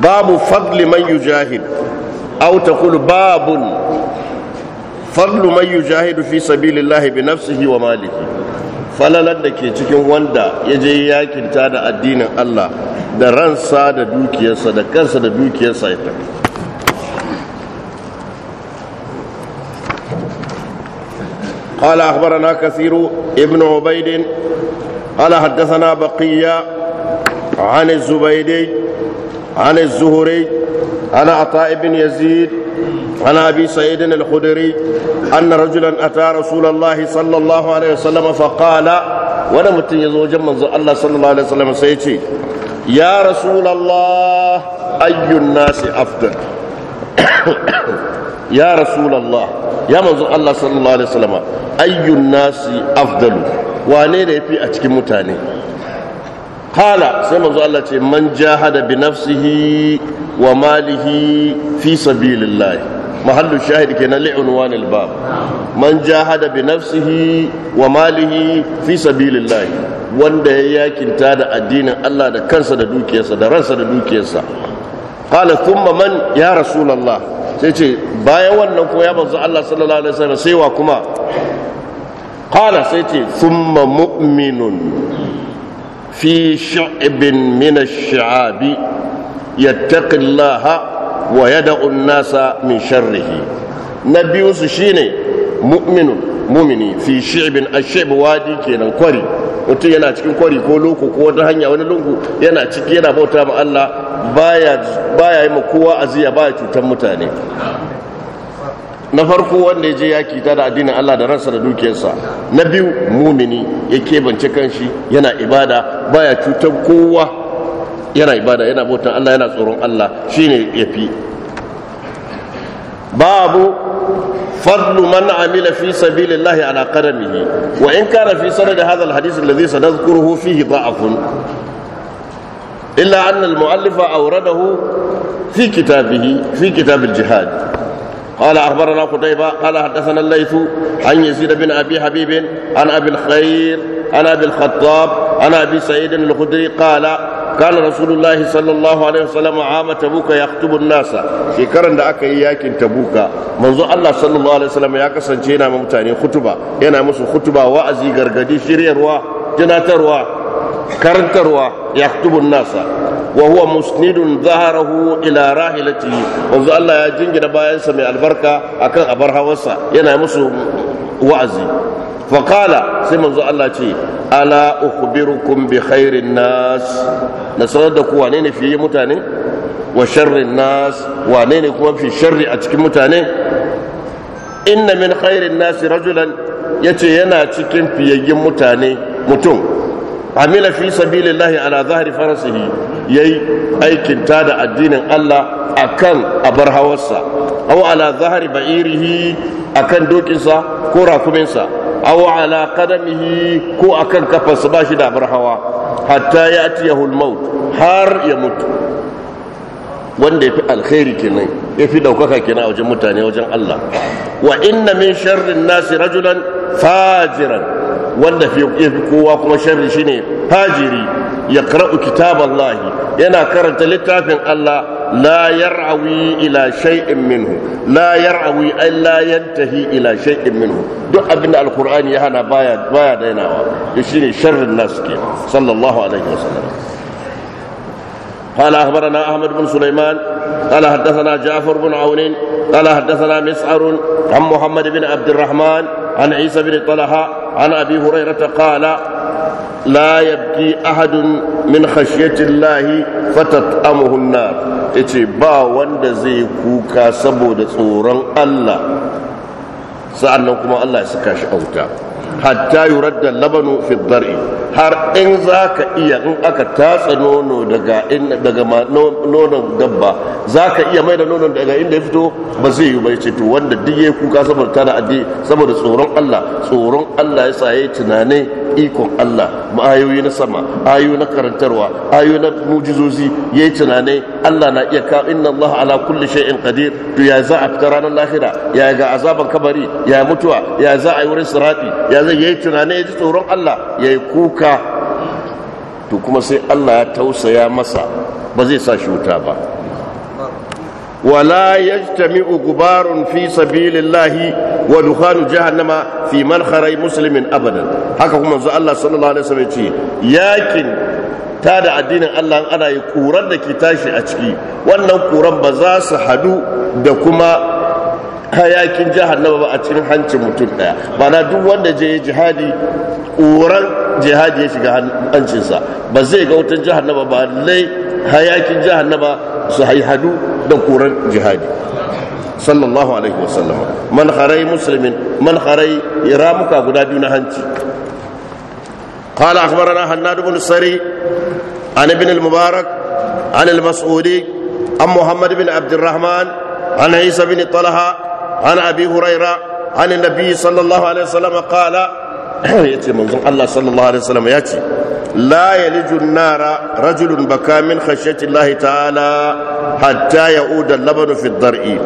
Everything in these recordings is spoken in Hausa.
babu fadli man yujahid aw taqul babun fadlu man yujahidu fi sabilillahi bi nafsihi wa malihi falalar da ke cikin wanda ya je yakin ta da addinin Allah da ransa da dukiyarsa da kansa da dukiyarsa ya tafi قال أخبرنا كثير ابن عبيد قال حدثنا بقية عن الزبيدي عن الزهري عن عطاء بن يزيد عن ابي سعيد الخدري ان رجلا اتى رسول الله صلى الله عليه وسلم فقال وانا متين يزو جمع الله صلى الله عليه وسلم سيتي يا رسول الله اي الناس افضل يا رسول الله يا منزو الله صلى الله عليه وسلم اي الناس افضل wane ne ya fi a cikin mutane kala sai manzo Allah ce man jahada bi nafsihi wa malihi fi sabilillahi. mahallu shahid kenan li unwan al bab man jahada bi nafsihi wa malihi fi sabilillahi. wanda ya yakinta da addinin Allah da kansa da dukiyarsa da ransa da dukiyarsa qala thumma man ya rasulullah sai ce bayan wannan ko ya manzo Allah sallallahu alaihi wasallam sai wa kuma qala sai ce thumma mu'minun في شعب من الشعاب يتقي الله ويدع الناس من شره نبي شيني مؤمن mumini fi shi'bin ashib wadi kenan kwari mutum yana cikin kwari ko loko ko wata hanya wani lungu yana ciki yana bauta ma Allah baya baya yi ma kowa aziya baya cutar mutane na farko wanda ya je yaki ta da addinin Allah da ransa da dukiyarsa na biyu mumini ya kebance kanshi yana ibada baya cutar kowa yana ibada yana bautan Allah yana tsoron Allah shine yafi babu فضل من عمل في سبيل الله على قدمه وإن كان في سند هذا الحديث الذي سنذكره فيه ضعف إلا أن المؤلف أورده في كتابه في كتاب الجهاد قال اخبرنا قتيبه قال حدثنا الليث عن يزيد بن ابي حبيب عن ابي الخير عن ابي الخطاب عن ابي سعيد الخدري قال كان رسول الله صلى الله عليه وسلم عام تبوك يخطب الناس في كرن da aka yi yakin tabuka manzo Allah sallallahu alaihi wasallam ya kasance yana ma mutane khutuba yana musu khutuba wa'azi gargadi shiryarwa tunatarwa karantarwa yaktubun nasa wa huwa musnidun zaharahu ila rahilatihi wanzu Allah ya jingina bayansa mai albarka akan abar hawarsa yana musu wa'azi faƙala sai manzo Allah ce ala ukhbirukum bi khairin nas na sanar da ku wane ne fiye mutane wa sharrin nas wane ne kuma fi sharri a cikin mutane inna min khairin nasu rajulan ce yana cikin fiyayyin mutane mutum amila fi sabilillahi ala zahri farasihi yayi aikin ta da addinin Allah akan abar hawarsa aw ala zahri ba'irihi akan dokinsa ko rakuminsa aw ala qadamihi ko akan kafarsa ba shi da abar hawa hatta ya'tiyahu ya maut har ya mutu wanda ya fi alkhairi kenan ya fi daukaka kenan a wajen mutane wajen Allah wa inna min sharrin nasi rajulan fajiran wanda fi kowa kuma sharri shine fajiri ya kara'u kitabun lahi yana karanta littafin Allah la yar'awi ila shay'in minhu la yar'awi ay la yantahi ila shay'in minhu duk abinda alqur'ani ya hana baya baya dainawa shine sharrin nas ke sallallahu alaihi wasallam قال أخبرنا أحمد بن سليمان قال حدثنا جعفر بن عون قال حدثنا مسعر عن محمد بن عبد الرحمن عن عيسى بن طلحة عن أبي هريرة قال لا يبكي أحد من خشية الله فتطأمه النار إتي با وند زي كوكا سبو صورا الله سألنا كما الله سكاش أوتا hatta yuradda labanu fi har in zaka iya in aka tatsa nono daga daga nonon dabba zaka iya mai da nonon daga inda ya fito ba zai yi bai ce to wanda duk kuka saboda tana addi saboda tsoron Allah tsoron Allah ya saye yayi ikon Allah ayoyi na sama ayoyi na karantarwa ayoyi na mujizozi ya yi tunanai Allah na iya kawo inna Allah ala kulli shay'in qadir to ya za a fita ranar lahira ya ga azaban kabari ya mutuwa ya za a yi wurin sirati ya zai ya yi tunanai ya ji tsoron Allah ya yi kuka to kuma sai Allah ya tausaya masa ba zai sa shi wuta ba ولا يجتمع غبار في سبيل الله ودخان جهنم في منخر مسلم ابدا haka kuma manzo Allah sallallahu alaihi wasallam ce yakin ta da addinin Allah ana yi kuran da ke tashi a ciki wannan kuran ba za su hadu da kuma hayakin jahannama ba a cikin hancin mutum daya mana duk wanda je jihadi ƙoran jihadi ya shiga hancinsa ba zai ga wutan jahannama ba lai hayakin jahannama su haihadu da ƙoran jihadi sallallahu alaihi wasallam man kharai musulmin man kharai ramuka guda biyu na hanci قال أخبرنا حناد بن السري عن ابن المبارك عن an عن محمد بن عبد الرحمن عن عيسى بن Talha. عن أبي هريرة عن النبي صلى الله عليه وسلم قال يأتي منظوم الله صلى الله عليه وسلم يأتي لا يلج النار رجل بكى من خشية الله تعالى حتى يؤود اللبن في الضرء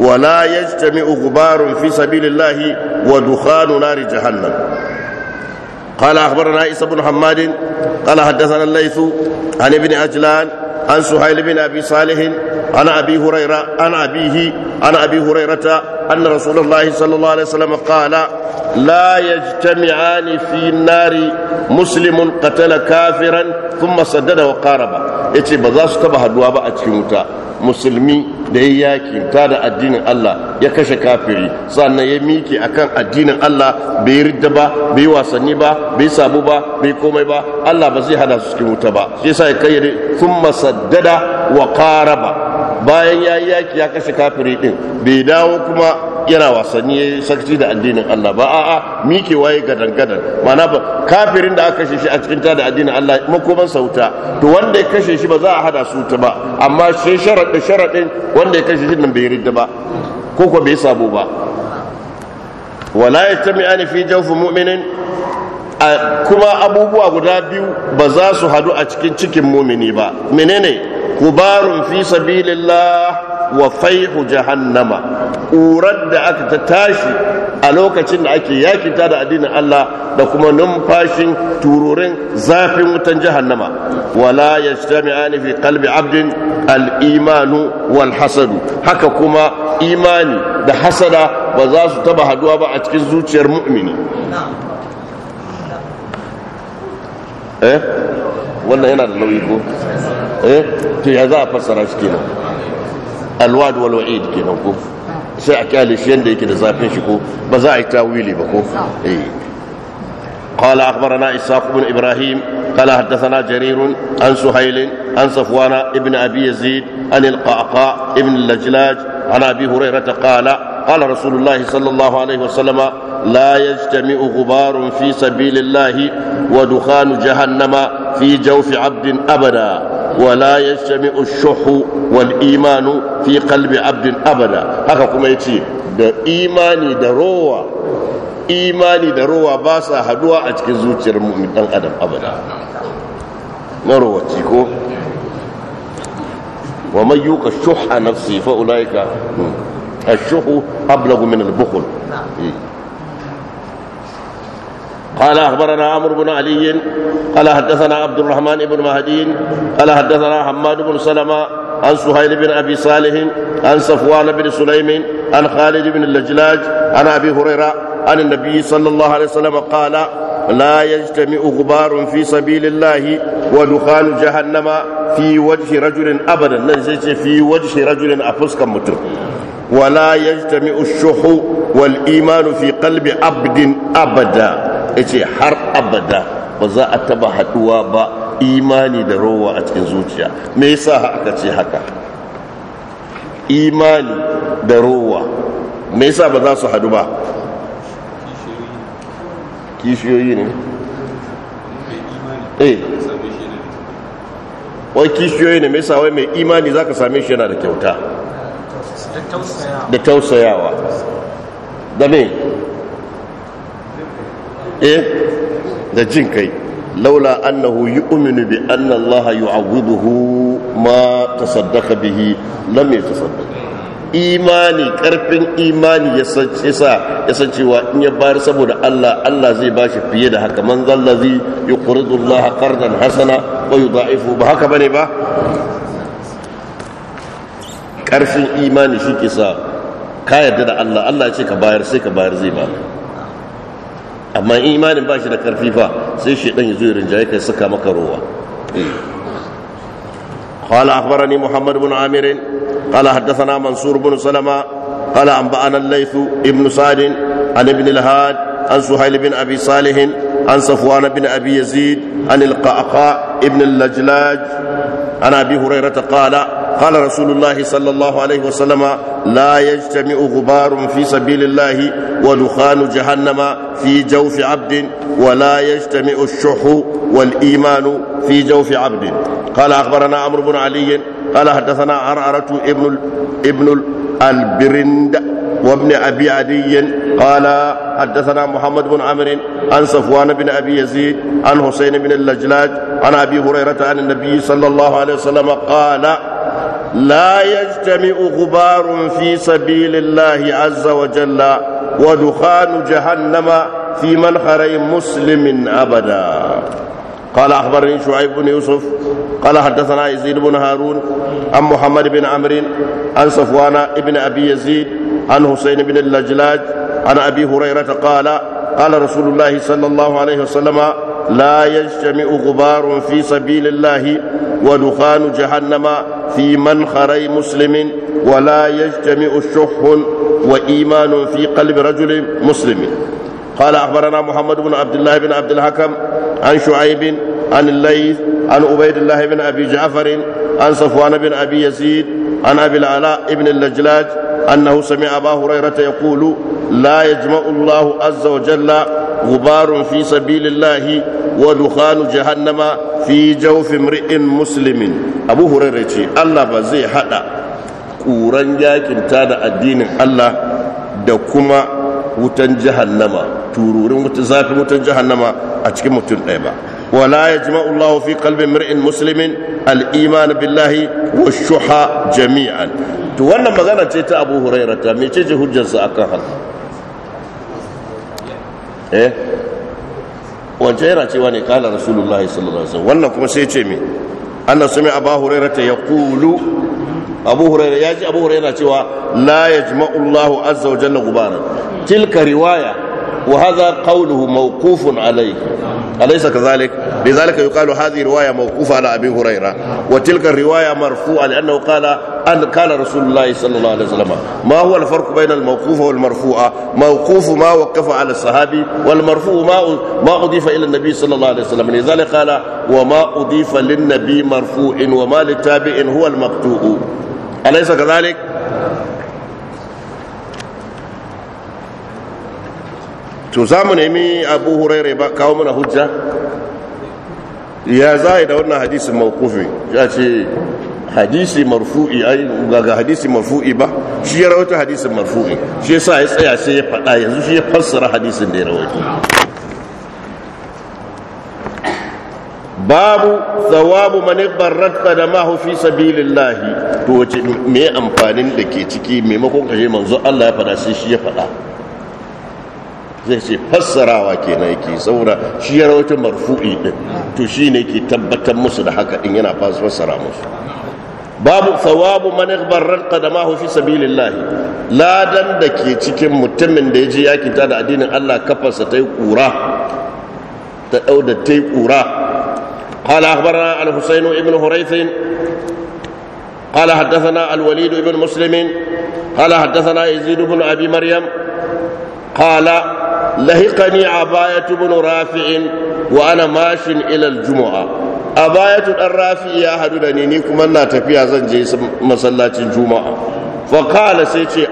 ولا يجتمع غبار في سبيل الله ودخان نار جهنم قال أخبرنا عيسى بن حماد قال حدثنا الليث عن ابن أجلان عن سهيل بن أبي صالح عن أبي هريرة عن أبيه عن أبي هريرة أن رسول الله صلى الله عليه وسلم قال لا يجتمعان في النار مسلم قتل كافرا ثم سدد وقارب yace ba za su taba haduwa ba a cikin wuta musulmi da ya yaki ta da addinin Allah ya kashe kafiri sannan ya miki akan addinin Allah bai yi ridda ba bai yi wasanni ba bai yi sabu ba bai komai ba Allah ba zai hada su cikin wuta ba shi yasa ya kayyade thumma saddada wa qaraba bayan ya yi yaki ya kashe kafiri din bai dawo kuma yana wasanni ya sakci da addinin Allah ba a'a mike waye gadan gadan mana ba kafirin da aka kashe shi a cikin ta da addinin Allah makoman sauta to wanda ya kashe shi ba za a hada su ta ba amma sai sharadin sharadin wanda ya kashe shi nan bai ridda ba ko ko bai sabo ba wala yastami'ani fi jawfi mu'minin kuma abubuwa guda biyu ba za su hadu a cikin cikin mumini ba menene gubarun fi sabilillah wa faihu jahannama ƙurar da aka ta tashi a lokacin da ake yakita da addinin Allah da kuma numfashin tururin zafin wutan jahannama wala yajtami'ani fi qalbi abdin al'imanu wal hasadu haka kuma imani da hasada ba za su taba haduwa ba a cikin zuciyar mu'mini eh wannan yana da nauyi ko eh to ya za a fassara shi kenan alwad wal wa'id kenan ko sai a kyale shi yanda yake da zafin shi ko ba za a yi tawili ba ko eh قال أخبرنا إسحاق بن إبراهيم قال حدثنا جرير عن سهيل عن صفوان ابن أبي يزيد عن القعقاع ابن اللجلاج عن أبي هريرة قال قال رسول الله صلى الله عليه وسلم لا يجتمع غبار في سبيل الله ودخان جهنم في جوف عبد أبدا ولا يجتمع الشح والإيمان في قلب عبد haka هكا كما يتي da imani da rawa imani da rowa ba sa haduwa a cikin zuciyar mu'min dan adam abada na ko wa man yuqa shuhha nafsi fa ulaika ashuhu ablagu min قال اخبرنا عمرو بن علي قال حدثنا عبد الرحمن بن مهدي قال حدثنا حماد بن سلمه عن سهيل بن ابي صالح عن صفوان بن سليم عن خالد بن اللجلاج عن ابي هريره عن النبي صلى الله عليه وسلم قال لا يجتمع غبار في سبيل الله ودخان جهنم في وجه رجل ابدا نزيت في وجه رجل افسك متر ولا يجتمع الشح والايمان في قلب عبد ابدا ce har abada ba za a taba haduwa ba imani da rowa a cikin zuciya me yasa aka ce haka imani da rowa me yasa ba za su hadu ba kishiyoyi ne eh wai kishiyoyi ne mai wai mai imani za ka same shi yana da kyauta da tausayawa da me eh da jin kai laula annahu yu'minu bi anna Allah yu'awwiduhu ma tasaddaqa bihi lam yatasaddaq imani karfin imani ya san ya san cewa in ya bayar saboda Allah Allah zai bashi fiye da haka man zallazi yuqridu Allah qardan hasana wa yudha'ifu ba haka bane ba karfin imani shi kisa, ka yarda da Allah Allah ya ce ka bayar sai ka bayar zai ba amma in imanin ba shi da karfi fa sai shi dan yazo irin jaye kai suka maka rowa qala akhbarani muhammad ibn amir qala hadathana mansur ibn salama al-layth ibn ibn al-had an suhayl ibn abi salih an yazid an abi hurairah qala قال رسول لا يجتمع غبار في سبيل الله ودخان جهنم في جوف عبد ولا يجتمع الشح والإيمان في جوف عبد قال أخبرنا عمرو بن علي قال حدثنا عرعرة ابن ابن البرند وابن أبي عدي قال حدثنا محمد بن عمرو عن صفوان بن أبي يزيد عن حسين بن اللجلاج عن أبي هريرة عن النبي صلى الله عليه وسلم قال لا يجتمع غبار في سبيل الله عز وجل ودخان جهنم في منخر مسلم أبدا قال أخبرني شعيب بن يوسف قال حدثنا يزيد بن هارون عن محمد بن عمرو عن صفوان بن أبي يزيد عن حسين بن اللجلاج عن أبي هريرة قال قال رسول الله صلى الله عليه وسلم لا يجتمع غبار في سبيل الله ودخان جهنم في منخري مسلم ولا يجتمع الشح وإيمان في قلب رجل مسلم قال أخبرنا محمد بن عبد الله بن عبد الحكم عن شعيب عن الليث عن عبيد الله بن أبي جعفر عن صفوان بن أبي يزيد عن أبي العلاء بن اللجلاج أنه سمع أبا هريرة يقول لا يجمع الله عز وجل غبار في سبيل الله ودخان جهنم في جوف امرئ مسلم ابو هريره تي الله ba zai hada kuran yakinta da addinin Allah da kuma wutan jahannama tururin wutan zafi wutan jahannama a cikin mutum ɗaya ba ولا يجمع الله في قلب امرئ مسلم الايمان wa والشحى جميعا تو wannan magana ce ta Abu Hurairah ta mece ce hujjarsa akan haka eh wance yana cewa ne kala rasulullahi sallallahu alaihi wasallam wannan kuma sai ce me anna sami abu hurairah ta yaqulu abu hurairah yaji abu hurairah cewa la yajma'u Allahu azza wa jalla gubaran tilka riwaya wa hadha qawluhu mawqufun alayhi أليس كذلك لذلك يقال هذه رواية موقوفة على أبي هريرة وتلك الرواية مرفوعة لأنه قال أن قال رسول الله صلى الله عليه وسلم ما هو الفرق بين الموقوف والمرفوع موقوف ما وقف على الصحابي والمرفوع ما ما أضيف إلى النبي صلى الله عليه وسلم لذلك قال وما أضيف للنبي مرفوع وما للتابع هو المقطوع أليس كذلك to za mu nemi abu hurairai ba kawo mana hujja ya za da wannan hadisin maukufi ya ce hadisi marfu'i ai ga hadisi marfu'i ba shi ya rawata hadisin marfu'i shi sa ya tsaya sai ya faɗa yanzu shi ya fassara hadisin da ya rawata. babu mani man da qadamahu fi lahi to wace mai amfanin da ke ciki maimakon kashe manzo Allah ya faɗa sai shi ya faɗa zai ce fassarawa kenan yake saboda shi ya rawaito marfu'i din to shine ke tabbatar musu da haka din yana fassara musu babu thawabu man ighbarra qadamahu fi sabilillah ladan da ke cikin mutumin da ya je yakin ta da addinin Allah kafarsa ta yi kura ta dau da ta yi kura قال أخبرنا الحسين بن هريث قال حدثنا الوليد بن مسلم قال حدثنا يزيد بن أبي مريم قال lahikani abayatu bin rafi'in wa ana mashin ilal juma'a A abayatu dan rafi'i ya hadu da ni ni kuma na tafiya zan je masallacin juma'a fa qala sai ce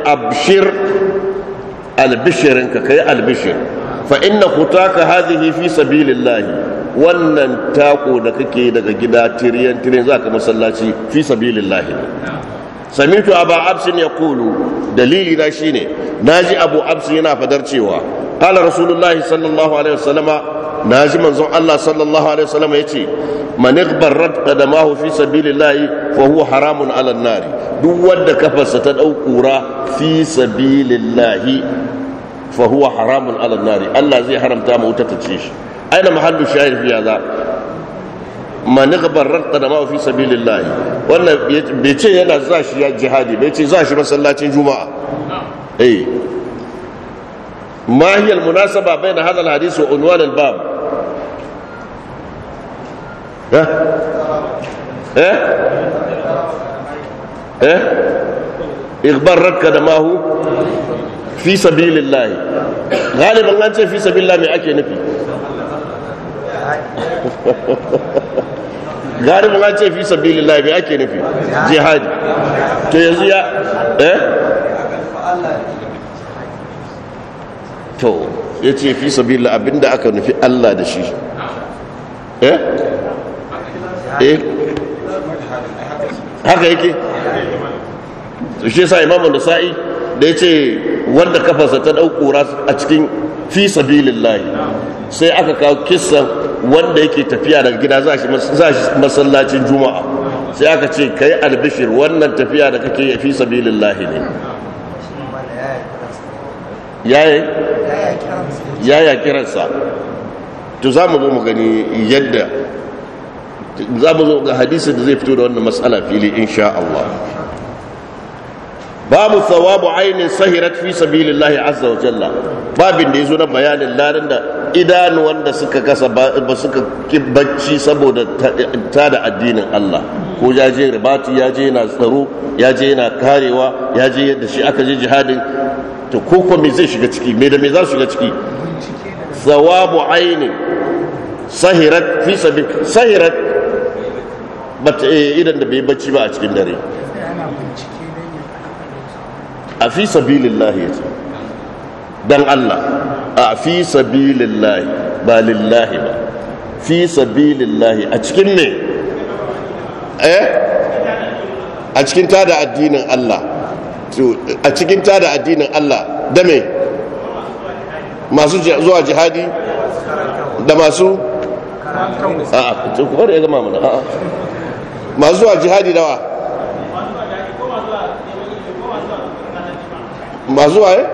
Albishirin ka kai albishir fa inna kutaka hadhihi fi sabilillah wannan taku da kake daga gida tiriyan tiriyan zaka masallaci fi sabilillah samitu aba absin yaqulu dalili na shine naji abu absin yana fadar cewa قال رسول الله صلى الله عليه وسلم ناجي منزون الله صلى الله عليه وسلم يتي من اغبرت قدماه في سبيل الله فهو حرام على النار دو ود كفسة أو قورا في سبيل الله فهو حرام على النار الله زي حرم تام وتتشيش أين محل الشاهد في هذا من اغبرت قدماه في سبيل الله ولا بيتي يلا زاشي يا جهادي بيتي زاشي مسلاتين جمعة ايه ما هي المناسبة بين هذا الحديث وعنوان الباب ها ها ها إخبار ركد ما هو في سبيل الله غالبا أنت في سبيل الله معك أكي غالبا الله أنت في سبيل الله معك أكي نفي جهاد يزيا ها to ya ce fi sabila abinda aka nufi Allah da shi eh eh haka yake su shi yasa imamu sa'i da ya ce wanda kafarsa ta daukura a cikin fi sabilillah sai aka kawo kisan wanda yake tafiya daga gida za shi masallacin juma'a sai aka ce ka yi albishir wannan tafiya da kake fi sabilillah ne yayi yaya kiransa to za mu zo mu gani yadda za mu zo ga hadisi da zai fito da wannan matsala fili insha Allah babu thawabu ainin sahirat fi sabilillahi azza wa jalla babin da ya zo na bayanin larin da idanu wanda suka kasa ba suka bacci saboda ta da addinin Allah ko ya je ribati ya je yana tsaro ya je yana karewa ya je yadda shi aka je jihadin to ko ko me zai shiga ciki me da me za su shiga ciki Zawabu aini sahirat fi sabi sahirat bata eh, idan da bai bacci ba a cikin dare a fi sabilillahi yace dan Allah a fi sabilillahi ba lillahi ba fi sabilillahi a cikin me eh a cikin tada addinin Allah a cikin tada addinin Allah da me masu zuwa jihadi da masu masu zuwa jihadi da wa masu zuwa eh?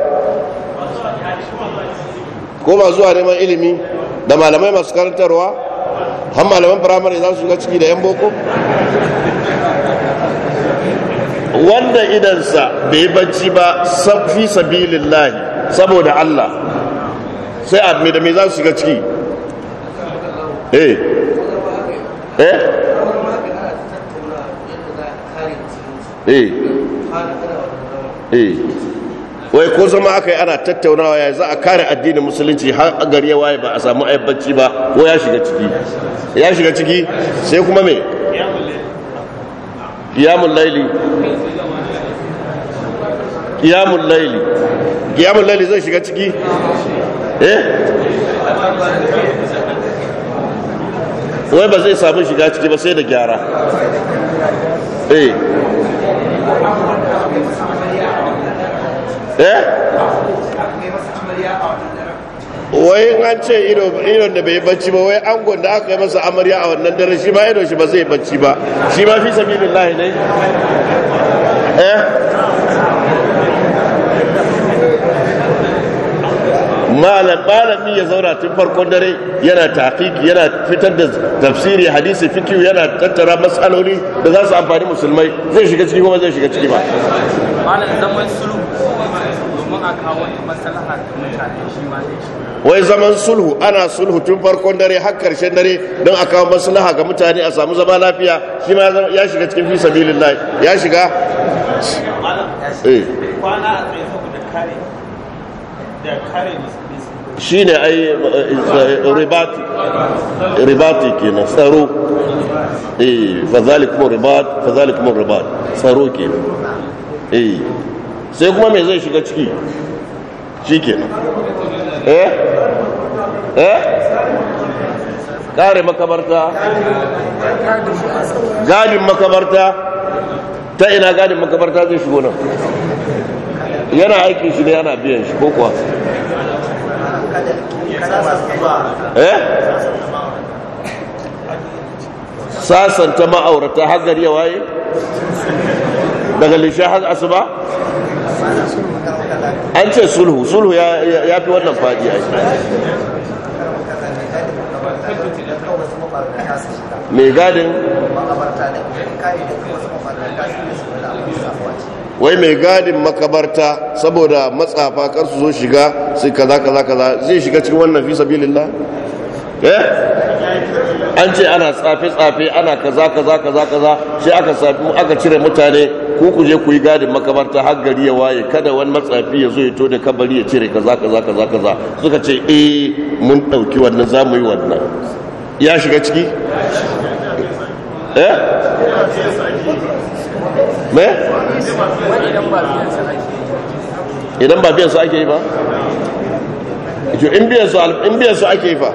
ko masu zuwa neman ilimi da malamai masu karantarwa har malaman firamare za su ga ciki da yan boko wanda idansa bai bacci ba sabilin lahi saboda Allah sai a da mai za su shiga ciki eh eh eh eh wai ko zama aka yi ana tattaunawa ya za a kare addinin musulunci har a gari ya waye ba a samu ayyabacci ba ko ya shiga ciki ya shiga ciki sai kuma me Ya laili qiyamul laili qiyamul laili zai shiga ciki eh wai ba zai samu shiga ciki ba sai da gyara eh eh wai an ce idon da bai bacci ba wai angon da aka yi masa amarya a wannan dare shi ba idon shi ba zai bacci ba shi ma fi sabilillahi ne eh min ya zauna tun farkon dare yana tafiki yana fitar da tafsiri hadisi fikiyu yana tattara matsaloli da za su amfani musulmai zai shiga ciki kuma zai shiga ciki ba wai zaman sulhu ana sulhu tun farkon dare har karshen dare don a kawo maslaha ga mutane a samu zama lafiya shi ma ya shiga cikin fi sabilillah ya shiga eh. kwana a tsaye saboda kare da kare shi ne ai eh, ribati kenan tsaro eh fazalik mun ribat fazalik mun ribat tsaro kenan eh sai kuma me zai shiga ciki shi kenan eh eh kare makabarta gadin makabarta ta ina gadin makabarta zai shigo nan yana aikin shi ne yana biyan shi ko kuwa ايه ساسا تما اورتا حذر يا واي دغلي شاهد اسبا انت صلح صلح يا يا في wannan faji ai me gadin wai mai gadin makabarta saboda matsafa kar su zo shiga sai kaza kaza kaza zai shiga cikin wannan fi sabilillah eh an ce ana tsafe tsafe ana kaza kaza kaza kaza sai aka sabi aka cire mutane ku ku je ku yi gadin makabarta har gari ya waye kada wani matsafi ya zo ya to da kabari ya cire kaza kaza kaza kaza suka ce eh mun dauki wannan za mu yi wannan ya shiga ciki eh me idan ba biyan su ake yi ba in biyan su in biyan su ake yi fa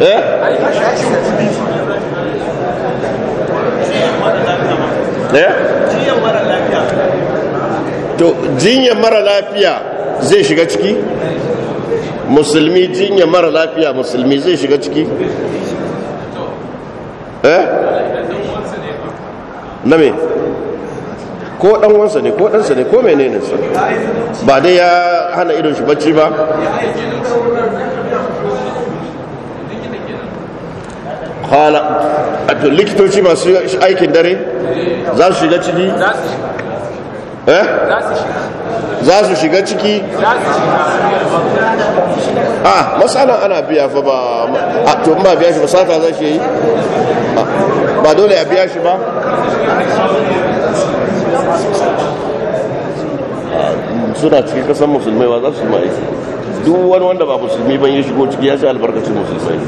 eh eh to jinyar mara lafiya zai shiga ciki musulmi jinyar mara lafiya musulmi zai shiga ciki na me ko dan wansa ne ko ɗansa ne ko menene su ba dai ya hana irin shi bacci ba kwana a to likitoci masu aikin dare za su shiga ciki eh za su shiga ciki a ah, matsala ana biya fa ba a to ba biya shi ba sata za shi yi ba dole a biya shi ba suna cikin kasan musulmai ba za su ma yi duk wani wanda ba musulmi ban yi shigo ciki ya ce albarkacin musulmai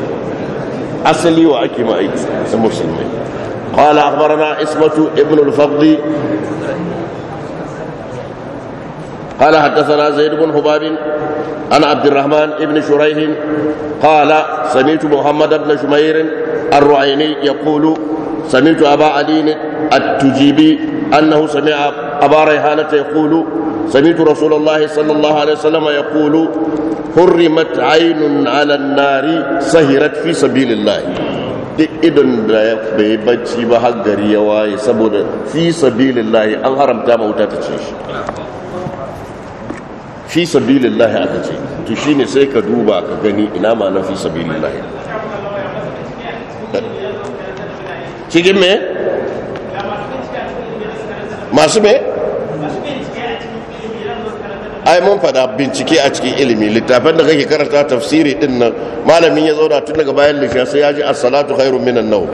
asali wa ake ma aiki musulmai قال ismatu ibn al-fadli قال حدثنا زيد بن حباب عن عبد الرحمن بن شريح قال سمعت محمد بن شمير الرعيني يقول سمعت أبا علي التجيبي أنه سمع أبا ريحانة يقول سمعت رسول الله صلى الله عليه وسلم يقول حرمت عين على النار سهرت في سبيل الله duk idon da ya bai bacci ba har gari ya waye saboda fi sabilillahi an haramta ma wuta ta ce shi fi sabilillahi aka ce shi ne sai ka duba ka gani ina ma na fi sabilillahi cikin me masu me ai mun fada bincike a cikin ilimi littafin da kake karanta tafsiri din nan malamin ya zauna tun daga bayan lishiya sai ya ji salatu minan nau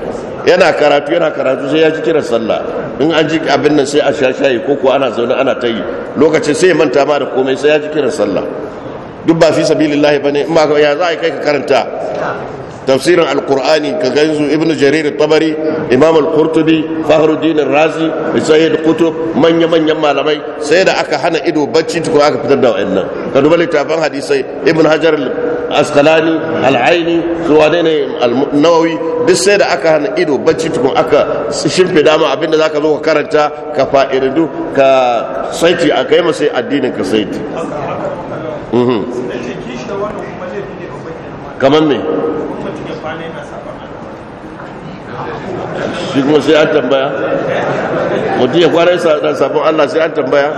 yana karatu yana karatu sai ya ji kiran sallah in an ji abin nan sai a sha shaye ko ko ana zaune ana ta yi lokacin sai manta ma da komai sai ya ji kiran sallah duk ba fi sabilillahi bane in ba ya za a kai ka karanta tafsirin alkur'ani ka ganzu ibnu jarir tabari imam al-qurtubi fakhruddin razi sayyid qutub manya manyan malamai sai da aka hana ido bacci tukun aka fitar da wayannan ka duba littafin hadisai ibn hajar askalani al'aini su wane ne nawawi duk sai da aka hana ido bacci tukun aka shimfe dama abinda za ka zo ka karanta ka fa'irindu ka saiti a kai masai addinin ka saiti mhm. kamar me shi kuma sai an tambaya mutum ya kwanar sabon allah sai an tambaya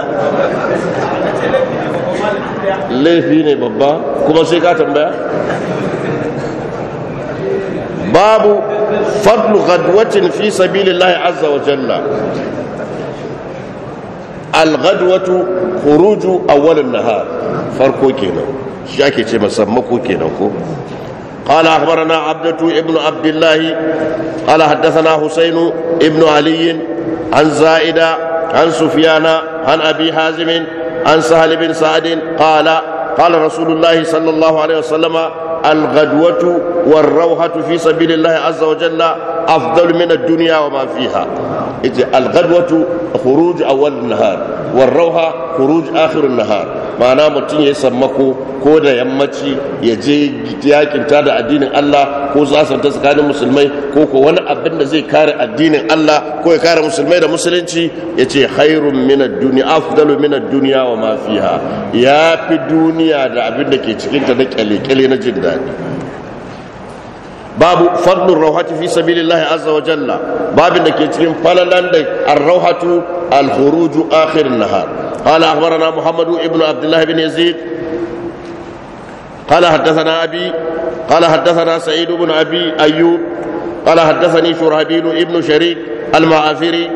laifi ne babba kuma sai ka tambaya babu fadlu gadwatin fi sabilillahi azza wa jalla algadwatu khuruju awwalin nahar farko kenan shi ake ce masammako kenan ko قال أخبرنا عبدة ابن عبد الله قال حدثنا حسين ابن علي عن زائدة عن سفيان عن أبي حازم عن سهل بن سعد قال قال رسول الله صلى الله عليه وسلم الغدوة والروحة في سبيل الله عز وجل أفضل من الدنيا وما فيها الغدوة خروج أول النهار والروحة خروج آخر النهار ma'ana mutum ya sammako ko da yammaci ya je yakin da addinin Allah ko sasanta tsakanin musulmai ko ko wani abin da zai kare addinin Allah ko ya kare musulmai da musulunci ya ce hairun min duniya afdalu min duniya wa ma fiha ya fi duniya da abin da ke cikinta na kyale-kyale na jin daɗi babu fadlur rauhati fi sabilillahi azza wa jalla babin da ke cikin falalan da ar-rauhatu al-khuruju akhir an-nahar qala akhbarana muhammadu ibnu abdullah ibn yazid قال حدثنا أبي قال حدثنا سعيد بن أبي أيوب قال حدثني شرهبيل ابن شريك المعافري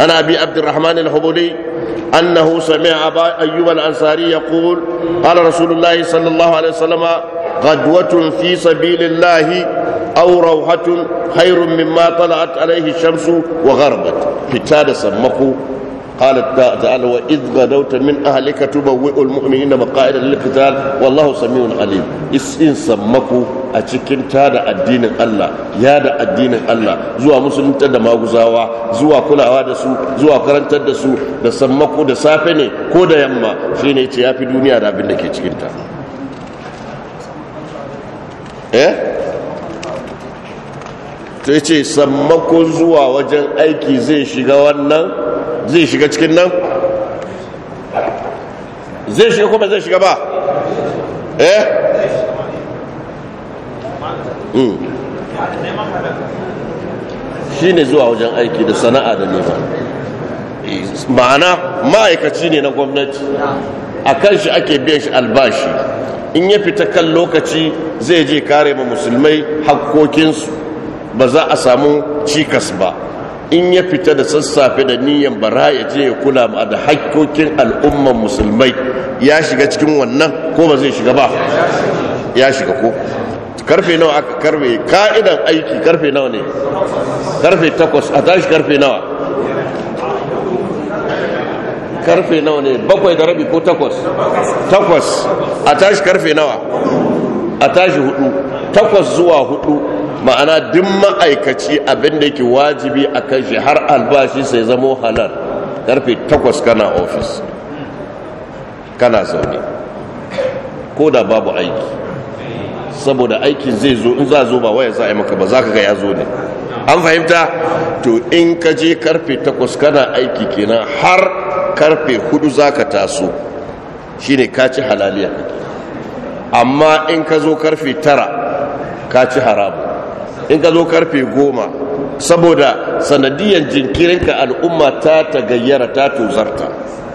عن أبي عبد الرحمن الحبولي أنه سمع أبا أيوب الأنصاري يقول قال رسول الله صلى الله عليه وسلم غدوة في سبيل الله أو روحة خير مما طلعت عليه الشمس وغربت فتاد سمكو قال تعالى وإذ غدوت من أهلك تبوئ المؤمنين مقاعد للقتال والله سميع عليم إن سمكو a cikin tada addinin Allah yada addinin Allah zuwa musulunta da maguzawa zuwa kulawa da su zuwa karantar da su da sammako da safe ne ko da yamma shine ce yafi duniya da abin da ke cikinta. ta eh sai ce sammako zuwa wajen aiki zai shiga wannan zai shiga cikin nan zai shiga kuma zai shiga ba eh hmm. shi ne zuwa wajen aiki da sana'a da nema ma'ana ma'aikaci ne na gwamnati a kan shi ake biyan shi albashi in ya fita kan lokaci zai je kare ma musulmai hakkokinsu ba za a samu cikas ba in ya fita da sassafe da niyan bara ya je ya kula ma da hakkokin al'umman musulmai ya shiga cikin wannan ko ba zai shiga ba ya shiga ko karfe nawa aka karfe ka'idan aiki karfe nawa ne karfe takwas a tashi karfe nawa karfe nawa ne bakwai da rabi ko takwas takwas a tashi karfe nawa a tashi hudu takwas zuwa hudu ma'ana duk ma'aikaci abin da yake wajibi a kan shi har albashi sai zamo halal karfe takwas kana ofis kana zaune ko da babu aiki saboda aiki zai zo in za zo ba waya za a yi maka ba za ka ga ya zo ne an fahimta to in ka je karfe takwas kana aiki kenan har karfe hudu za ka taso shi ne ka halaliya amma in ka zo karfe tara ka ci haramu in ka zo karfe goma saboda sanadiyar jinkirinka al'umma ta tagayyara ta tozarta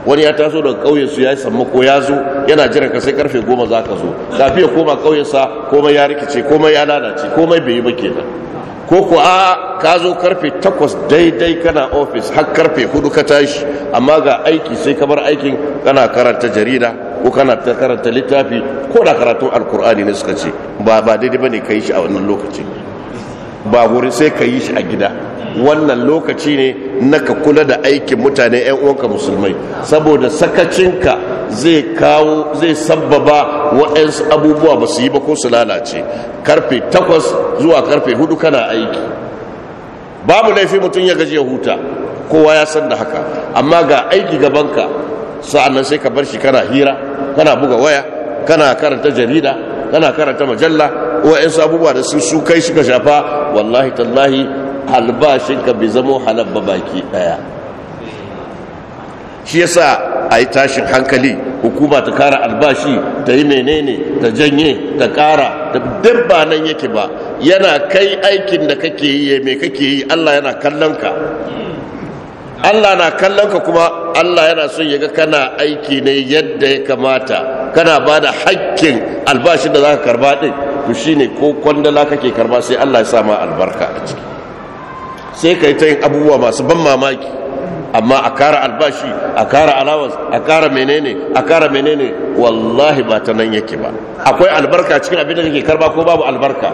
wani ya taso daga ƙauyensu ya yi sammako ya zo yana jiran ka sai karfe goma za ka zo kafin ya koma ƙauyensa komai ya rikice komai ya lalace komai bai yi ba kenan ko ku a ka zo karfe 8 daidai kana ofis har karfe 4 ka tashi amma ga aiki sai ka bar aikin kana karanta jarida ko kana karanta littafi ko da karatun alkur'ani ne suka ce ba ba ne ka yi shi a wannan lokacin ba wurin sai ka yi shi a gida wannan lokaci ne na ka kula da aikin mutane 'yan uwanka musulmai saboda sakacinka zai kawo zai sabbaba waɗansu abubuwa ba su yi ba ko su lalace karfe 8 zuwa karfe 4 kana aiki babu laifi mutum ya gaji ya huta kowa ya san da haka amma ga aiki gabanka sa'annan sai ka bar shi kana hira kana buga waya kana karanta jarida kana karanta majalla wa'yansu abubuwa da su su kai suka shafa wallahi tallahi ka bai zamo halabba baki ɗaya. shi yasa a yi tashin hankali hukuma ta kara albashi ta yi menene ta janye ta kara ta dabba nan yake ba yana kai aikin da kake yi mai kake yi allah yana kallon ka allah na kallon ka kuma allah yana son ya ga kana aiki ne yadda ya kamata kana ba da hakkin albashin da za ka karba ɗin to shi ne ko kwandala kake karba sai allah ya sa ma albarka a ciki sai ka yi ta yin abubuwa masu ban mamaki amma a kara albashi a kara alawas a kara menene a kara menene wallahi ba ta nan yake ba akwai albarka cikin abin da kake karba ko babu albarka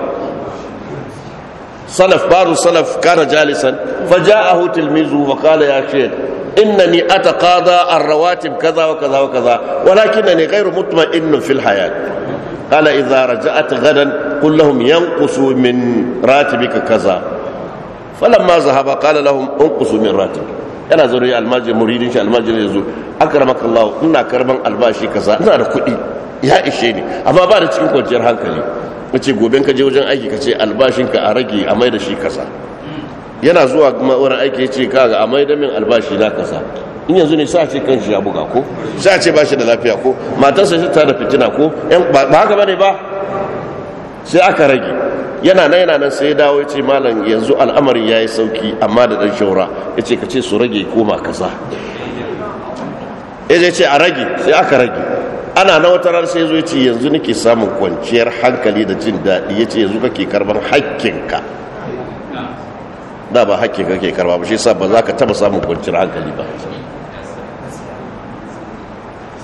salaf baru salaf kana jalisan fa ja'ahu tilmizu wa qala ya shaykh innani ataqada ar-rawatib kaza wa kaza wa kaza walakinani ghayru mutma'innun fil hayat قال إذا رجعت غدا قل لهم ينقصوا من راتبك كذا فلما ذهب قال لهم انقصوا من راتبك yana zaune almaji almajin muridin shi almajin ya zo akramaka Allah ina karban albashi kaza ina da kuɗi ya ishe ni amma ba da cikin kwanciyar hankali nace goben ka je wajen aiki ka ce albashinka a rage a mai da shi kaza yana zuwa wurin aiki ya ce kaga a maidamin albashi na kasa in yanzu ne sa ce kan shi ya buga ko sa ce ba shi da lafiya ko matarsa shi ta da fitina ko ba haka bane ba sai aka rage yana nan yana nan sai ya dawo ya ce malam yanzu al'amarin ya yi sauki amma da dan shaura ya ce ka ce su rage koma kasa ya ce a rage sai aka rage ana na wata ran sai zo ya ce yanzu nake samun kwanciyar hankali da jin daɗi ya ce yanzu kake karban hakkinka da ba hakki kake karba ba shi yasa ba za ka taba samun kwanciyar hankali ba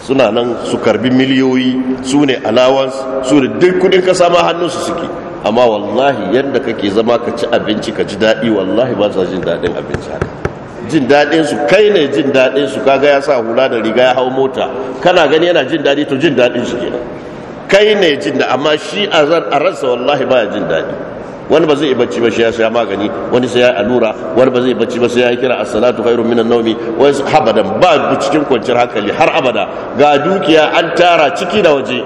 suna nan su karbi miliyoyi su ne allowance su ne duk kudin kasa ma hannunsu suke amma wallahi yadda kake zama ka ci abinci ka ji daɗi wallahi ba sa jin daɗin abinci haka jin daɗin su kai ne jin daɗin su kaga ya sa hula da riga ya hau mota kana gani yana jin daɗi to jin daɗin su kenan kai ne jin da amma shi a ransa wallahi ba jin daɗi wani ba zai bacci ba shi ya sha magani wani sai ya alura wani ba zai bacci ba sai ya kira as-salatu khairun minan nawmi wai abadan ba cikin kwanciyar hankali har abada ga dukiya an tara ciki da waje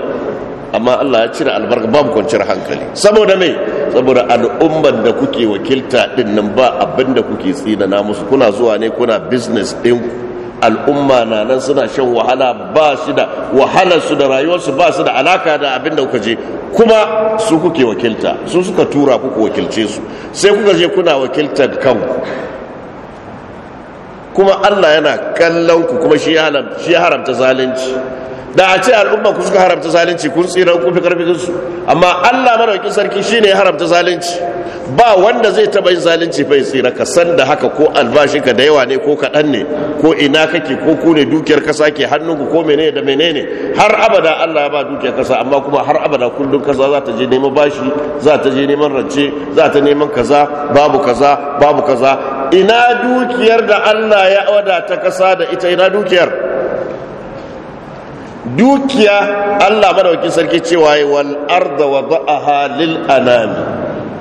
amma Allah ya cire albarka babu kwanciyar hankali saboda me saboda al'umman da kuke wakilta din ba abinda kuke tsina na musu kuna zuwa ne kuna business din al'umma na nan suna shan wahala ba su da wahalar su da rayuwarsu ba su da alaka da abin da kuka je kuma su kuke wakilta su suka tura kuka wakilce su sai kuka je kuna wakiltar kanku kuma Allah yana kallon ku kuma shi haramta zalunci da a ce al'umma ku suka haramta zalunci kun tsira ku fi karfin su amma Allah madaukakin sarki shine ya haramta zalunci ba wanda zai taba yin zalunci bai tsira ka san da haka ko albashi ka da yawa ne ko kaɗan ne ko ina kake ko ku ne dukiyar kasa ke hannunku ko menene da menene har abada Allah ya ba dukiyar kasa amma kuma har abada kullun kasa za ta je neman bashi za ta je neman rance za ta neman kaza babu kaza babu kaza ina dukiyar da Allah ya wadata kasa da ita ina dukiyar dukiya Allah madawakin sarki cewa yi wal arda wa ba'aha lil anami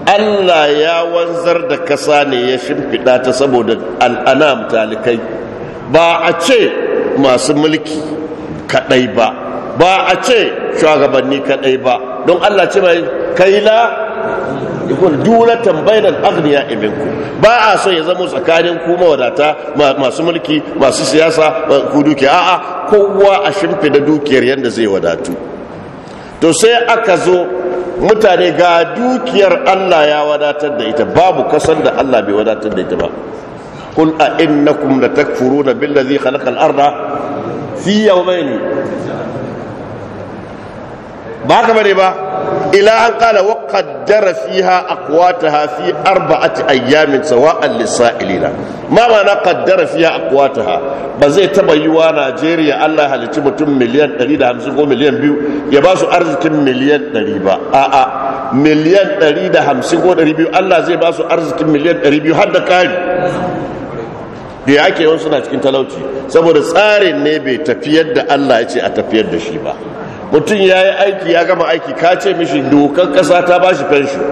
Allah ya wanzar da kasa ne ya shimfiɗa ta saboda al'anam talikai ba a ce masu mulki kaɗai ba ba a ce shugabanni kaɗai ba don Allah ce mai kaila yakun dunatan bainal aghniya iminku ba a so ya zama tsakanin ku wadata masu mulki masu siyasa ku duke a'a kowa a shimfida dukiyar yadda zai wadatu to sai aka zo mutane ga dukiyar Allah ya wadatar da ita babu kasar da Allah bai wadatar da ita ba a innakum latakfuruna billazi khalaqal arda fi يومين ba haka bare ba ila an kala wa qaddara fiha aqwataha fi arba'ati ayyamin sawa'an lisa'ilina ma ma'ana qaddara fiha aqwataha ba zai taba wa Najeriya Allah halicci mutum miliyan 150 ko miliyan 2 ya ba su arzikin miliyan 100 ba a'a miliyan 150 ko 200 Allah zai ba su arzikin miliyan 200 har da kari da yake wasu suna cikin talauci saboda tsarin ne bai tafiyar da Allah ya ce a tafiyar da shi ba mutum ya yi aiki ya gama aiki ka ce mishi dokar ƙasa ta ba shi fenshon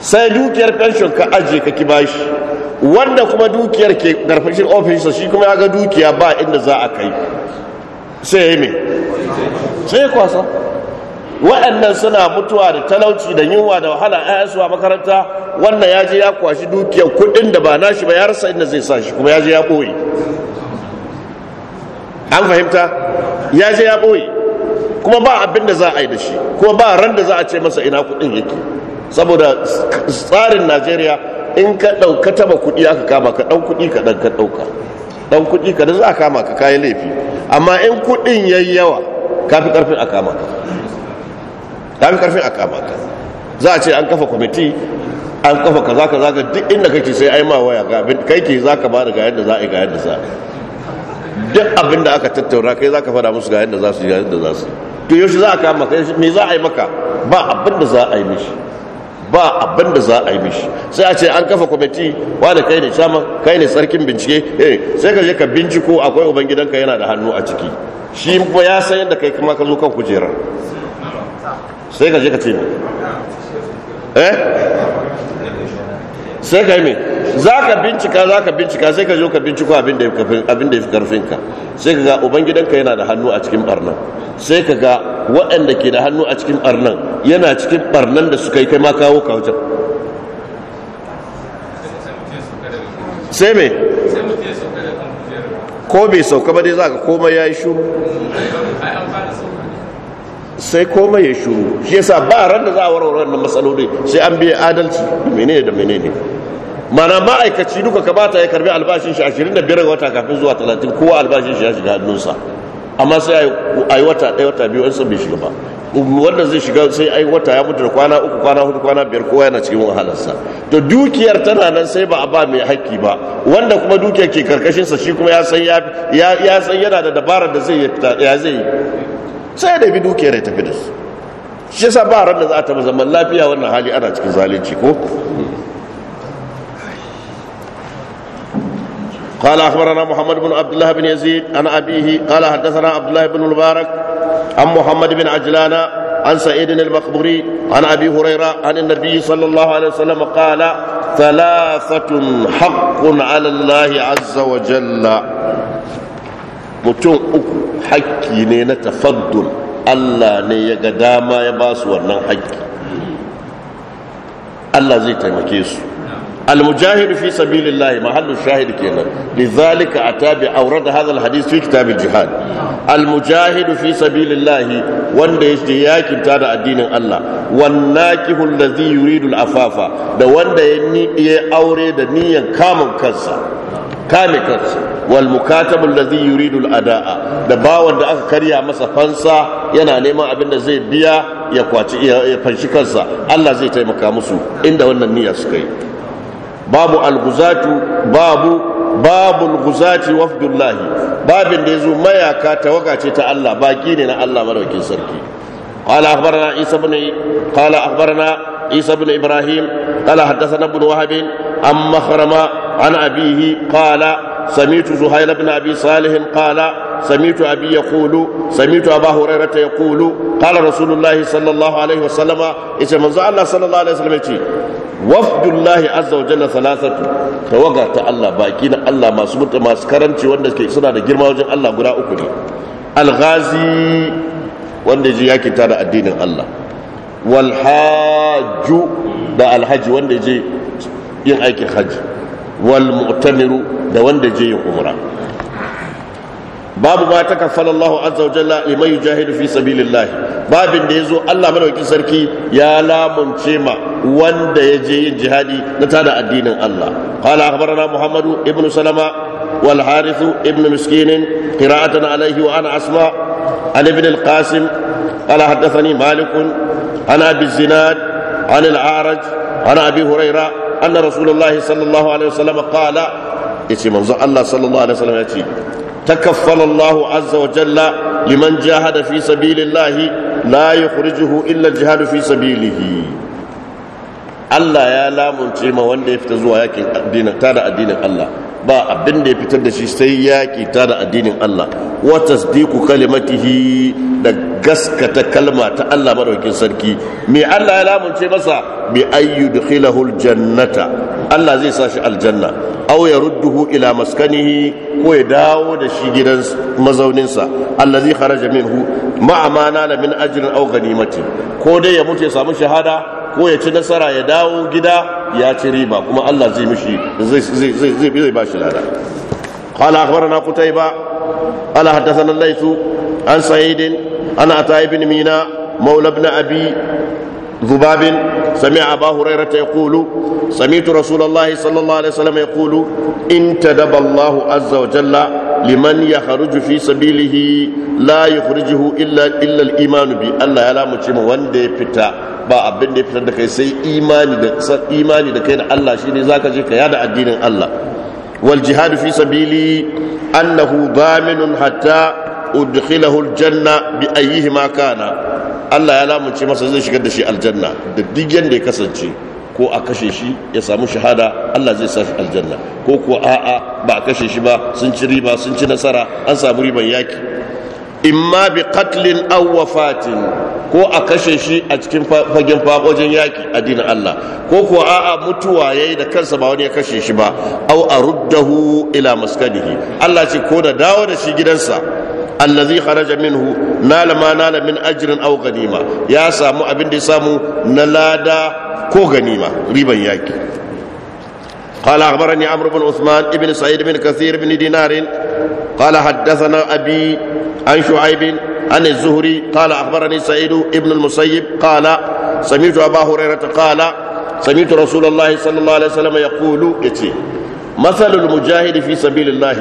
sai dukiyar fenshon ka ajiye ka ki ba shi wanda kuma dukiyar ke garfashin ofishinsa shi kuma ya ga dukiya ba inda za a kai sai ya yi mai sai ya kwasa waɗannan suna mutuwa da talauci da yunwa da wahala a a makaranta wannan ya je ya kwashi dukiyar kuɗin da ba nashi ba ya rasa inda zai sa shi kuma ya je ya ɓoye an fahimta ya je ya ɓoye kuma ba abin da za a yi da shi kuma ba ran da za a ce masa ina kudin yake saboda tsarin najeriya in ka dauka taba kudi aka kama ka ɗan kudi ka dan ka ɗauka ɗan kudi ka da za a kama ka kayi laifi amma in kudin ya yi yawa ka fi ƙarfin a kama ka ka fi ƙarfin a kama ka za a ce an kafa kwamiti an kafa kaza kaza duk inda kake sai ai ma waya ga abin kai ke za ka ba da ga yadda za a yi ga yadda za a yi duk abin da aka tattauna kai za ka fada musu ga yadda za su yi da za su to yaushe za a kama kai me za a yi maka ba abin da za a yi mishi ba abin da za a yi mishi sai a ce an kafa kwamiti wa da kai ne shaman kai ne sarkin bincike eh sai ka je ka binciko akwai ubangidanka yana da hannu a ciki shi kuma ya san yadda kai kuma ka zo kan kujerar sai ka je ka ce ne eh sai ka yi mai za ka bincika za ka bincika sai ka zo ka binciko abin da ya fi karfinka sai ka ga ubangidanka yana da hannu a cikin barnan sai ka ga waɗanda ke da hannu a cikin barnan yana cikin barnan da suka yi kai ma kawo ka wajen sai mai ko bai sauka ba dai za ka komai ya yi shuru sai komai ya shuru shi yasa ba ran da za a warware wannan matsaloli sai an biya adalci menene da menene ne mana ma'aikaci duka bata ya karbi albashin shi 25 ga wata kafin zuwa 30 kowa albashin shi ya shiga hannunsa amma sai a yi wata ɗaya wata biyu wani bai shiga ba wanda zai shiga sai a yi wata ya mutu da kwana uku kwana hudu kwana biyar kowa yana cikin wahalarsa to dukiyar tana nan sai ba a ba mai haƙƙi ba wanda kuma dukiyar ke karkashinsa shi kuma ya san ya san yana da dabarar da zai ya zai yi sai da bi dukiyar ya tafi da su shi yasa ba ran da za a taɓa zaman lafiya wannan hali ana cikin zalunci ko قال اخبرنا محمد بن عبد الله بن يزيد عن ابيه قال حدثنا عبد الله بن المبارك عن محمد بن عجلان عن سعيد المقبوري عن ابي هريره عن النبي صلى الله عليه وسلم قال ثلاثه حق على الله عز وجل متون uku حكي نينا تفضل الله Allah قداما يباس ga dama ya ba المجاهد في سبيل الله محل الشاهد كينا لذلك أتابع أورد هذا الحديث في كتاب الجهاد المجاهد في سبيل الله وند يشتياك تادا الدين الله والناكه الذي يريد العفاف ده وند يأوري ده نيا كامل كنسا كامل كنسا والمكاتب الذي يريد الأداء ده باوان ده أكريا مسا فنسا yana neman abin da zai biya ya kwaci ya fanshi kansa Allah zai taimaka musu inda wannan niyya suka yi babu alguzatu babu babu alguzati wafdullahi babin da ya zo mayaka tawaga ce ta Allah baki ne na Allah madaukin sarki qala akhbarana isa ibn qala akhbarana isa ibn ibrahim qala hadathana ibn wahab an mahrama an abihi qala سميت زهير بن أبي صالح قال سميت أبي يقول سميت أبا هريرة يقول قال رسول الله صلى الله عليه وسلم إذا من الله صلى الله عليه وسلم wafdullahi azza wa jalla salasatu tawaga ta Allah baki na Allah masu mutu masu karanci wanda ke suna da girma wajen Allah guda uku ne alghazi wanda ji yaki tada addinin Allah wal da alhaji wanda je yin aikin haji wal mu'tamiru da wanda je yin umra babu ma ta kafala Allahu azza wa jalla liman yujahidu fi sabilillah babin da yazo Allah madaukakin sarki ya lamunce ma wanda ya je yin jihadi na tada addinin Allah qala akhbarana Muhammadu ibn Salama wal Harith ibn Miskin qira'atan alayhi wa ana asma an ibn al-Qasim qala haddathani Malik ana Abi Zinad an al-A'raj an Abi Hurairah anna Rasulullah sallallahu alaihi wasallam qala yace manzo Allah sallallahu alaihi wasallam yace تكفل الله عز وجل لمن جاهد في سبيل الله لا يخرجه إلا الجهاد في سبيله Allah ya lamunce ma wanda ya fita zuwa yakin addinin tada addinin Allah ba abin da ya fitar da shi sai yaki tada addinin Allah wa tasdiqu kalimatihi da gaskata kalma ta Allah madaukin sarki me Allah ya lamunce masa bi ayyudkhilahu jannata Allah zai sa shi aljanna aw yarudduhu ila maskanihi ko ya dawo da shi gidan mazauninsa allazi kharaja minhu ma'a amana nala min ajrin aw ganimatin ko dai ya mutu ya samu shahada ko ya ci nasara ya dawo gida ya ci riba kuma Allah zai mishi zai zai zai zai ba shi lada qala akhbarana qutayba qala hadathana laythu an sa'id an mina مولى ابن أبي ذباب سمع أبا هريرة يقول سمعت رسول الله صلى الله عليه وسلم يقول انتدب الله عز وجل لمن يخرج في سبيله لا يخرجه إلا إلا الإيمان به الله يلا مجمع وندي فتا با أبن دي فتا دكي سي إيماني دكي إيماني دكي الله شيني ذاك جيك يدع الدين الله والجهاد في سبيله أنه ضامن حتى أدخله الجنة بأيهما كان Allah ya lamunce masa zai shigar da shi aljanna da duk yanda ya kasance ko a kashe shi ya samu shahada Allah zai sa shi aljanna ko ko a'a ba a kashe shi ba sun ci riba sun ci nasara an samu riban yaki imma bi qatlin aw wafatin ko a kashe shi a cikin fagen fagojen yaki addinin Allah ko ko a'a mutuwa yayi da kansa ba wani ya kashe shi ba aw aruddahu ila maskanihi Allah ce ko da dawo da shi gidansa allazi kharaja minhu nala ma nala min ajrin aw ganima ya samu abin da ya samu na lada ko ganima riban yaki قال أخبرني عمرو بن عثمان بن سعيد بن كثير بن دينار قال حدثنا أبي عن شعيب عن الزهري قال أخبرني سعيد بن المسيب قال سمعت أبا هريرة قال سمعت رسول الله صلى الله عليه وسلم يقول مثل المجاهد في سبيل الله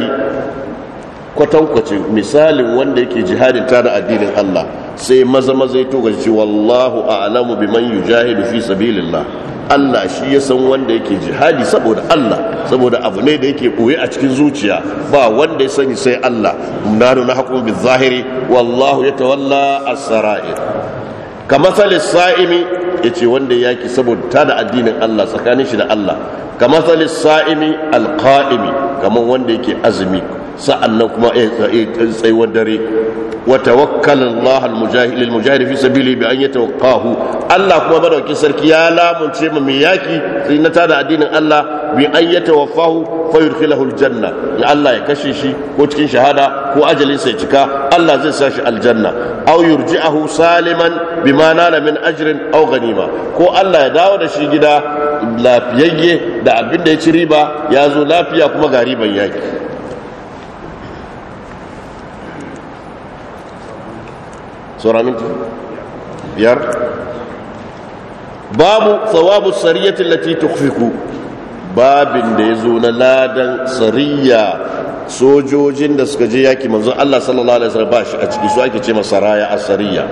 kwatankwace misalin wanda yake jihadin tare addinin Allah sai maza maza ya toga shi wallahu a'lamu biman yujahidu fi sabilillah Allah shi ya san wanda yake jihadi saboda Allah saboda abu ne da yake koyi a cikin zuciya ba wanda ya sani sai Allah nanu na hakun bi zahiri wallahu yatawalla as-sara'ir kamar sa'imi yace wanda yaki saboda tada addinin Allah tsakanin shi da Allah kamar sa'imi al kamar wanda yake azumi sa'an nan kuma eh, eh, tsayuwar dare wa tawakkalin lahal mujahilil mujahidi fi sabili bi an yi tawakkahu allah kuma madaukin sarki ya lamunce mu mai yaki sai na tada addinin allah bi wa fahu fa yudkhilahu aljanna ya Allah ya kashe shi ko cikin shahada ko ajalin ya cika Allah zai sa shi aljanna aw yurji'ahu saliman bima nala min ajrin aw ganima ko Allah ya dawo da shi gida lafiyayye da abin da ya ci riba ya zo lafiya kuma ga riban yaki sura minti biyar babu thawabu sariyati allati babin da ya zo na ladan tsariya sojojin da suka je yaki manzo Allah sallallahu alaihi wasallam ba shi a ciki su ake ce masa raya asariya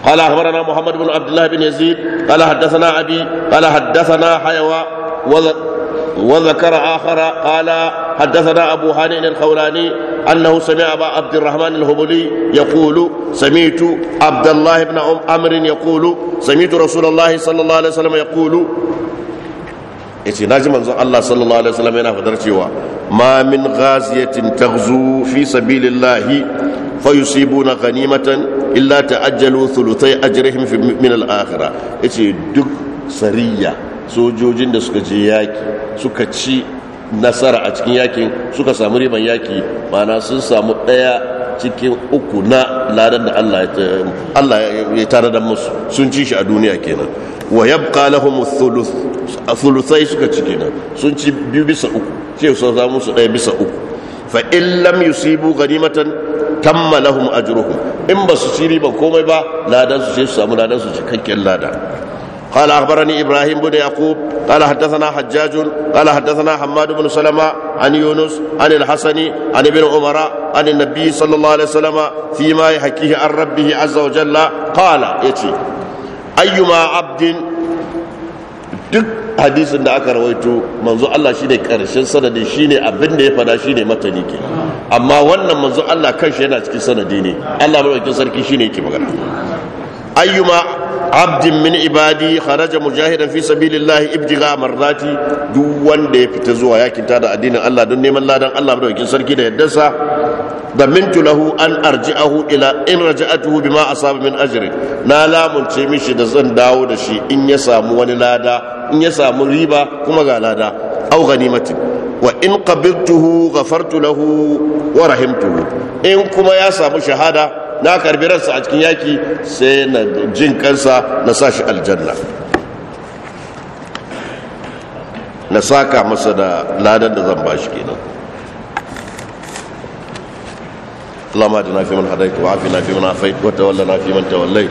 قال اخبرنا محمد بن عبد الله بن يزيد قال حدثنا ابي قال حدثنا حيوى وذكر اخر قال حدثنا ابو هانئ الخولاني انه سمع ابا عبد الرحمن الهبلي يقول سمعت عبد الله بن عمرو يقول سمعت رسول الله صلى الله عليه وسلم يقول yace naji manzon Allah sallallahu alaihi wasallam yana fadar cewa ma min ghaziyatin taghzu fi sabilillahi fayusibuna ghanimatan illa ta'ajjalu thuluthai ajrihim min al-akhirah yace duk sariya sojojin da suka je yaki suka ci nasara a cikin yakin suka samu riban yaki mana sun samu daya cikin uku na ladan da Allah ya tare da musu sun ci shi a duniya kenan wa yabqa lahum thuluthai suka ci kenan sun ci biyu bisa uku ce su za musu ɗaya bisa uku fa in lam yusibu matan tamma lahum ajruhum in ba su ci riba komai ba ladan su sai su samu ladan su cikakken lada قال أخبرني إبراهيم بن يعقوب قال حدثنا حجاج قال حدثنا حماد بن سلمة عن يونس عن الحسن عن ابن عمر عن النبي صلى الله عليه وسلم فيما يحكيه عن ربه عز وجل قال يتي أيما عبد duk hadisin da aka rawaito manzo Allah shine karshen sanadin shine abin da ya fada shine matani ke amma wannan manzo Allah kanshi yana cikin sanadi ne Allah madaukakin sarki shine yake magana ayyuma abdin min ibadi kharaja mujahidan fi sabilillahi ibtiga marrati duk wanda ya fita zuwa yakin da addinin Allah don neman ladan Allah madaukakin sarki da yaddarsa da mintu tulahu an arji'ahu ila in raja'atuhu bima asaba min ajri na lamunce mishi da zan dawo da shi in ya samu wani lada in ya samu riba kuma ga lada au ganimatin wa in qabiltuhu ghafartu lahu wa rahimtuhu in kuma ya samu shahada na karbi ransa a cikin yaki sai na jin kansa na sa shi aljanna na saka masa da ladan da zan bashi kenan اللهم اهدنا فيمن هديت وعافنا فيمن عافيت وتولنا فيمن توليت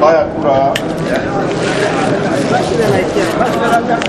baya tura